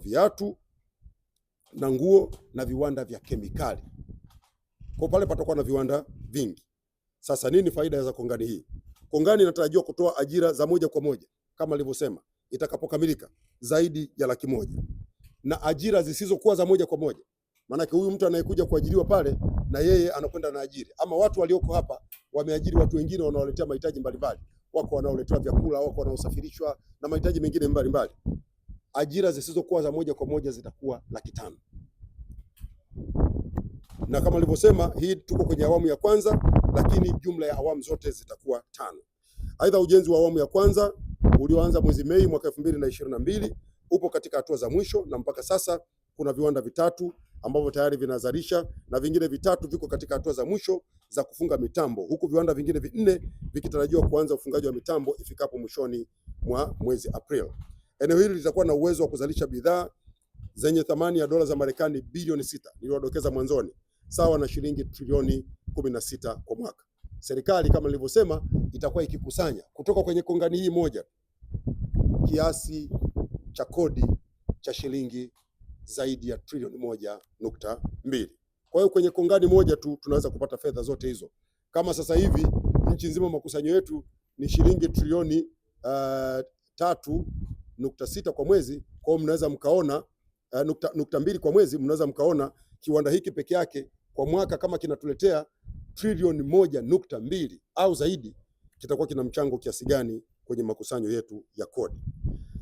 viatu na nguo na viwanda vya kemikali. Kwa pale patakuwa na viwanda vingi. Sasa nini faida ya kongani hii? Kongani inatarajiwa kutoa ajira za moja kwa moja kama alivyosema itakapokamilika zaidi ya laki moja na ajira zisizokuwa za moja kwa moja, maanake huyu mtu anayekuja kuajiriwa pale na yeye anakwenda na ajira, ama watu walioko hapa wameajiri watu wengine wanaoletea mahitaji mbalimbali, wako wanaoletewa vyakula, wako wanaosafirishwa na mahitaji mengine mbalimbali ajira zisizokuwa za moja kwa moja zitakuwa laki tano na kama nilivyosema, hii tuko kwenye awamu ya kwanza, lakini jumla ya awamu zote zitakuwa tano. Aidha, ujenzi wa awamu ya kwanza ulioanza mwezi Mei mwaka elfu mbili na ishirini na mbili upo katika hatua za mwisho na mpaka sasa kuna viwanda vitatu ambavyo tayari vinazalisha na vingine vitatu viko katika hatua za mwisho za kufunga mitambo huku viwanda vingine vinne vikitarajiwa kuanza ufungaji wa mitambo ifikapo mwishoni mwa mwezi Aprili. Eneo hili litakuwa na uwezo wa kuzalisha bidhaa zenye thamani ya dola za Marekani bilioni sita niliwadokeza mwanzoni, sawa na shilingi trilioni 16 kwa mwaka. Serikali kama nilivyosema, itakuwa ikikusanya kutoka kwenye kongani hii moja kiasi cha kodi cha shilingi zaidi ya trilioni moja nukta mbili. Kwa hiyo kwenye kongani moja tu tunaweza kupata fedha zote hizo. Kama sasa hivi nchi nzima makusanyo yetu ni shilingi trilioni uh, tatu nukta sita kwa mwezi. Kwa hiyo mnaweza mkaona uh, nukta, nukta mbili kwa mwezi, mnaweza mkaona kiwanda hiki peke yake kwa mwaka kama kinatuletea trilioni moja nukta mbili au zaidi, kitakuwa kina mchango kiasi gani kwenye makusanyo yetu ya kodi.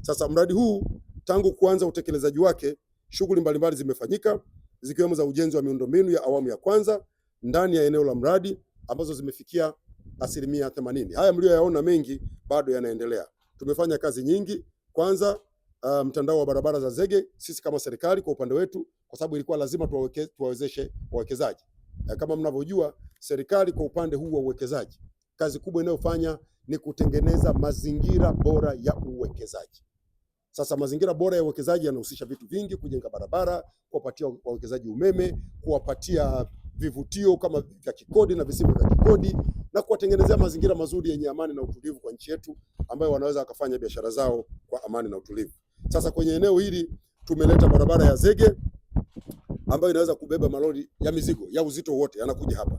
Sasa mradi huu tangu kuanza utekelezaji wake, shughuli mbalimbali zimefanyika zikiwemo za ujenzi wa miundombinu ya awamu ya kwanza ndani ya eneo la mradi ambazo zimefikia asilimia themanini. Haya mlioyaona mengi bado yanaendelea. Tumefanya kazi nyingi. Kwanza uh, mtandao wa barabara za zege, sisi kama serikali kwa upande wetu, kwa sababu ilikuwa lazima tuwaweke, tuwawezeshe wawekezaji. Uh, kama mnavyojua, serikali kwa upande huu wa uwekezaji, kazi kubwa inayofanya ni kutengeneza mazingira bora ya uwekezaji. Sasa mazingira bora ya uwekezaji yanahusisha vitu vingi: kujenga barabara, kuwapatia wawekezaji umeme, kuwapatia vivutio kama vya kikodi na visivyo vya kikodi, na kuwatengenezea mazingira mazuri yenye amani na utulivu kwa nchi yetu, ambayo wanaweza wakafanya biashara zao kwa amani na utulivu. Sasa kwenye eneo hili tumeleta barabara ya zege ambayo inaweza kubeba malori ya mizigo ya uzito wote yanakuja hapa.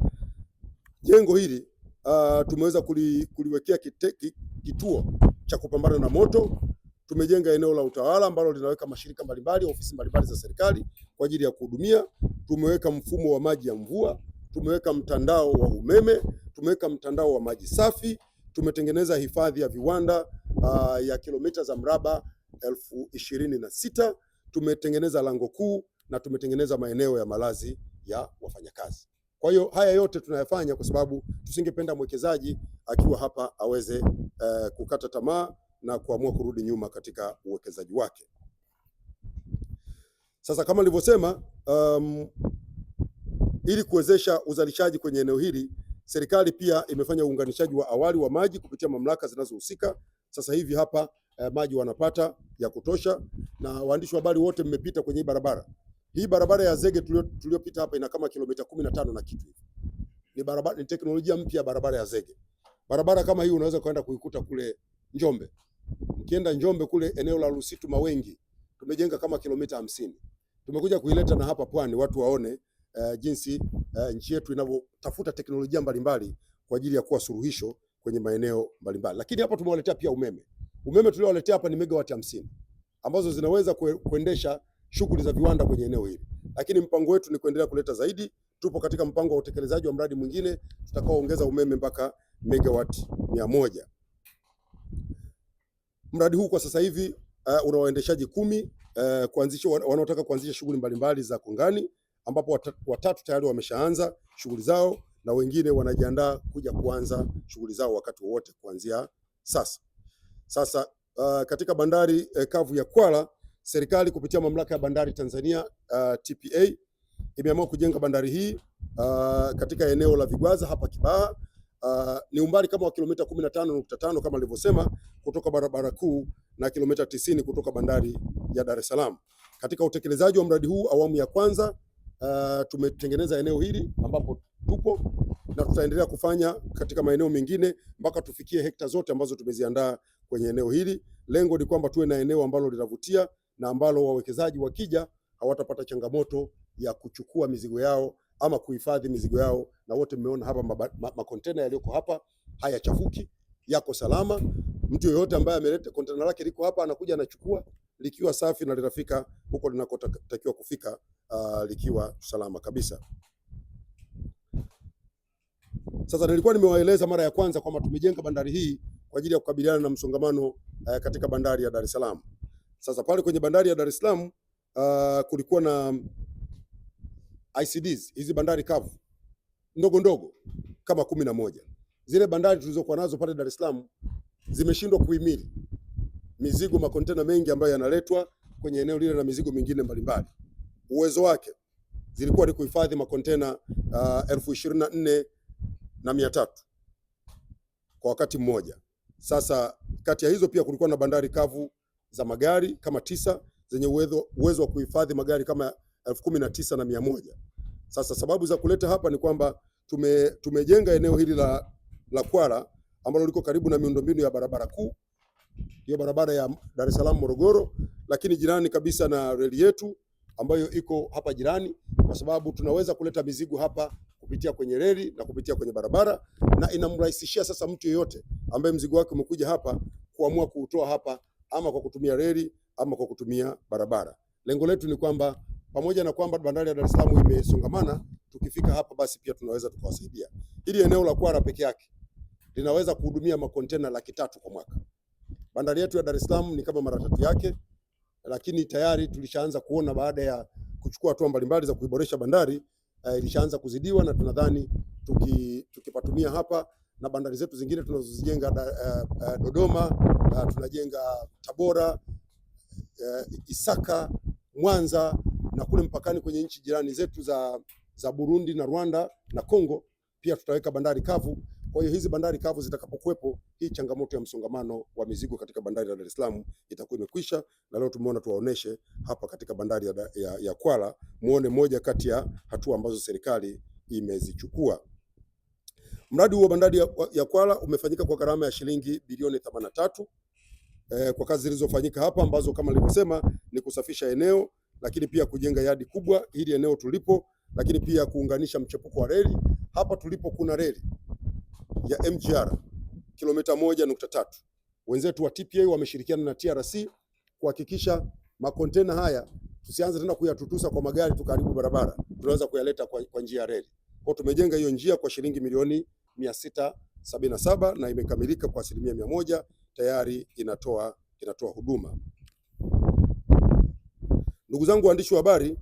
Jengo hili uh, tumeweza kuli, kuliwekea kiteki, kituo cha kupambana na moto. Tumejenga eneo la utawala ambalo linaweka mashirika mbalimbali, ofisi mbalimbali za serikali kwa ajili ya kuhudumia. Tumeweka mfumo wa maji ya mvua, tumeweka mtandao wa umeme, tumeweka mtandao wa maji safi tumetengeneza hifadhi ya viwanda uh, ya kilomita za mraba elfu ishirini na sita tumetengeneza lango kuu na tumetengeneza maeneo ya malazi ya wafanyakazi. Kwa hiyo haya yote tunayafanya kwa sababu tusingependa mwekezaji akiwa hapa aweze uh, kukata tamaa na kuamua kurudi nyuma katika uwekezaji wake. Sasa kama nilivyosema, um, ili kuwezesha uzalishaji kwenye eneo hili Serikali pia imefanya uunganishaji wa awali wa maji kupitia mamlaka zinazohusika. Sasa hivi hapa eh, maji wanapata ya kutosha, na waandishi wa habari wote mmepita kwenye hii barabara. Hii barabara ya zege tuliyopita hapa ina kama kilomita kumi na tano na kitu hivi. Ni barabara, ni teknolojia mpya ya barabara ya zege. Barabara kama hii unaweza kwenda kuikuta kule Njombe. Ukienda Njombe kule eneo la Rusitu Mawengi tumejenga kama kilomita hamsini. Tumekuja kuileta na hapa Pwani watu waone uh, jinsi uh, nchi yetu inavyotafuta teknolojia mbalimbali kwa ajili ya kuwa suluhisho kwenye maeneo mbalimbali. Lakini hapa tumewaletea pia umeme. Umeme tuliowaletea hapa ni megawati hamsini ambazo zinaweza kwe, kuendesha shughuli za viwanda kwenye eneo hili, lakini mpango wetu ni kuendelea kuleta zaidi. Tupo katika mpango wa utekelezaji wa mradi mwingine tutakaoongeza umeme mpaka megawati mia moja. Mradi huu kwa sasa hivi uh, una waendeshaji kumi uh, kuanzisha wanaotaka kuanzisha shughuli mbalimbali za kongani ambapo watatu tayari wameshaanza shughuli zao na wengine wanajiandaa kuja kuanza shughuli zao wakati wowote kuanzia sasa. Sasa uh, katika bandari eh, kavu ya Kwala, serikali kupitia mamlaka ya bandari Tanzania uh, TPA imeamua kujenga bandari hii uh, katika eneo la Vigwaza hapa Kibaha. Uh, ni umbali kama wa kilomita 15.5 kama nilivyosema kutoka barabara kuu na kilomita 90 kutoka bandari ya Dar es Salaam. Katika utekelezaji wa mradi huu awamu ya kwanza Uh, tumetengeneza eneo hili ambapo tupo na tutaendelea kufanya katika maeneo mengine mpaka tufikie hekta zote ambazo tumeziandaa kwenye eneo hili. Lengo ni kwamba tuwe na eneo ambalo linavutia na ambalo wawekezaji wakija hawatapata changamoto ya kuchukua mizigo yao ama kuhifadhi mizigo yao, na wote mmeona hapa makontena ma, ma yaliyoko hapa hayachafuki, yako salama. Mtu yoyote ambaye ameleta kontena lake liko hapa, anakuja anachukua likiwa safi na linafika huko linakotakiwa kufika uh, likiwa salama kabisa. Sasa nilikuwa nimewaeleza mara ya kwanza kwamba tumejenga bandari hii kwa ajili ya kukabiliana na msongamano uh, katika bandari ya Dar es Salaam. Sasa pale kwenye bandari ya Dar es Salaam uh, kulikuwa na ICDs hizi bandari kavu ndogo ndogo kama kumi na moja. Zile bandari tulizokuwa nazo pale Dar es Salaam zimeshindwa kuhimili mizigo, makontena mengi ambayo yanaletwa kwenye eneo lile na mizigo mingine mbalimbali uwezo wake zilikuwa ni kuhifadhi makontena uh, elfu ishirini na nne na mia tatu kwa wakati mmoja. Sasa kati ya hizo pia kulikuwa na bandari kavu za magari kama tisa zenye uwezo wa kuhifadhi magari kama elfu kumi na tisa na mia moja. Sasa sababu za kuleta hapa ni kwamba tume, tumejenga eneo hili la, la Kwara ambalo liko karibu na miundombinu ya barabara kuu, hiyo barabara ya Dar es Salaam Morogoro, lakini jirani kabisa na reli yetu ambayo iko hapa jirani, kwa sababu tunaweza kuleta mizigo hapa kupitia kwenye reli na kupitia kwenye barabara, na inamrahisishia sasa mtu yeyote ambaye mzigo wake umekuja hapa kuamua kuutoa hapa ama kwa kutumia reli ama kwa kutumia barabara. Lengo letu ni kwamba pamoja na kwamba bandari ya Dar es Salaam imesongamana, tukifika hapa basi pia tunaweza tukawasaidia. Ili eneo la Kwara peke yake linaweza kuhudumia makontena laki tatu kwa mwaka. Bandari yetu ya Dar es Salaam ni kama mara tatu yake lakini tayari tulishaanza kuona baada ya kuchukua hatua mbalimbali za kuiboresha bandari eh, ilishaanza kuzidiwa na tunadhani tuki, tukipatumia hapa na bandari zetu zingine tunazozijenga uh, uh, Dodoma uh, tunajenga Tabora uh, Isaka Mwanza na kule mpakani kwenye nchi jirani zetu za, za Burundi na Rwanda na Kongo pia tutaweka bandari kavu. Kwa hiyo hizi bandari kavu zitakapokuwepo, hii changamoto ya msongamano wa mizigo katika bandari ya Dar es Salaam itakuwa imekwisha, na leo tumeona tuwaoneshe hapa katika bandari ya, ya, ya Kwala muone moja kati ya hatua ambazo serikali imezichukua. Mradi huo wa bandari ya, ya Kwala umefanyika kwa gharama ya shilingi bilioni 83 eh, kwa kazi zilizofanyika hapa ambazo kama nilivyosema ni kusafisha eneo, lakini pia kujenga yadi kubwa hili eneo tulipo, lakini pia kuunganisha mchepuko wa reli hapa tulipo kuna reli ya MGR kilomita moja nukta tatu. Wenzetu wa TPA wameshirikiana na TRC kuhakikisha makontena haya tusianze tena kuyatutusa kwa magari tukaribu barabara, tunaweza kuyaleta kwa, kwa njia ya reli. Kwa tumejenga hiyo njia kwa shilingi milioni mia sita sabini na saba na imekamilika kwa asilimia mia moja tayari inatoa, inatoa huduma. Ndugu zangu waandishi wa habari,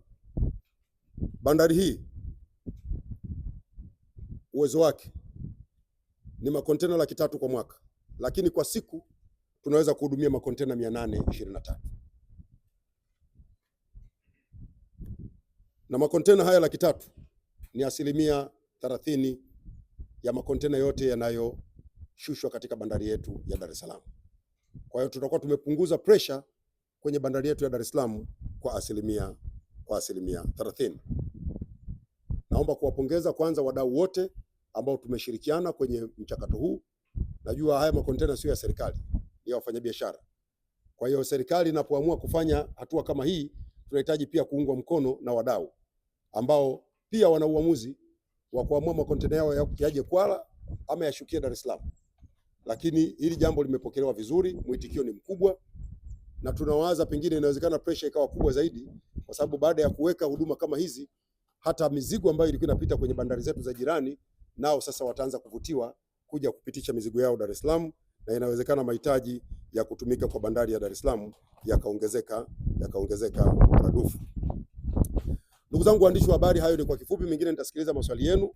bandari hii uwezo wake ni makontena laki tatu kwa mwaka, lakini kwa siku tunaweza kuhudumia makontena ishirini na makontena haya laki tatu ni asilimia thelathini ya makontena yote yanayoshushwa katika bandari yetu ya Dar es Salaam. Kwa hiyo tutakuwa tumepunguza pressure kwenye bandari yetu ya Dar es Salaam kwa asilimia kwa asilimia 30. Naomba kuwapongeza kwanza wadau wote ambao tumeshirikiana kwenye mchakato huu. Najua haya makontena sio ya serikali, ni ya wafanyabiashara. Kwa hiyo serikali inapoamua kufanya hatua kama hii, tunahitaji pia kuungwa mkono na wadau ambao pia wana uamuzi wa kuamua makontena yao yaje Kwala ama yashukie Dar es Salaam. Lakini hili jambo limepokelewa vizuri, mwitikio ni mkubwa, na tunawaza pengine inawezekana pressure ikawa kubwa zaidi, kwa sababu baada ya kuweka huduma kama hizi, hata mizigo ambayo ilikuwa inapita kwenye bandari zetu za jirani nao sasa wataanza kuvutiwa kuja kupitisha mizigo yao Dar es Salaam, na inawezekana mahitaji ya kutumika kwa bandari ya Dar es Salaam yakaongezeka yakaongezeka maradufu. Ndugu zangu waandishi wa habari, hayo ni kwa kifupi, mingine nitasikiliza maswali yenu.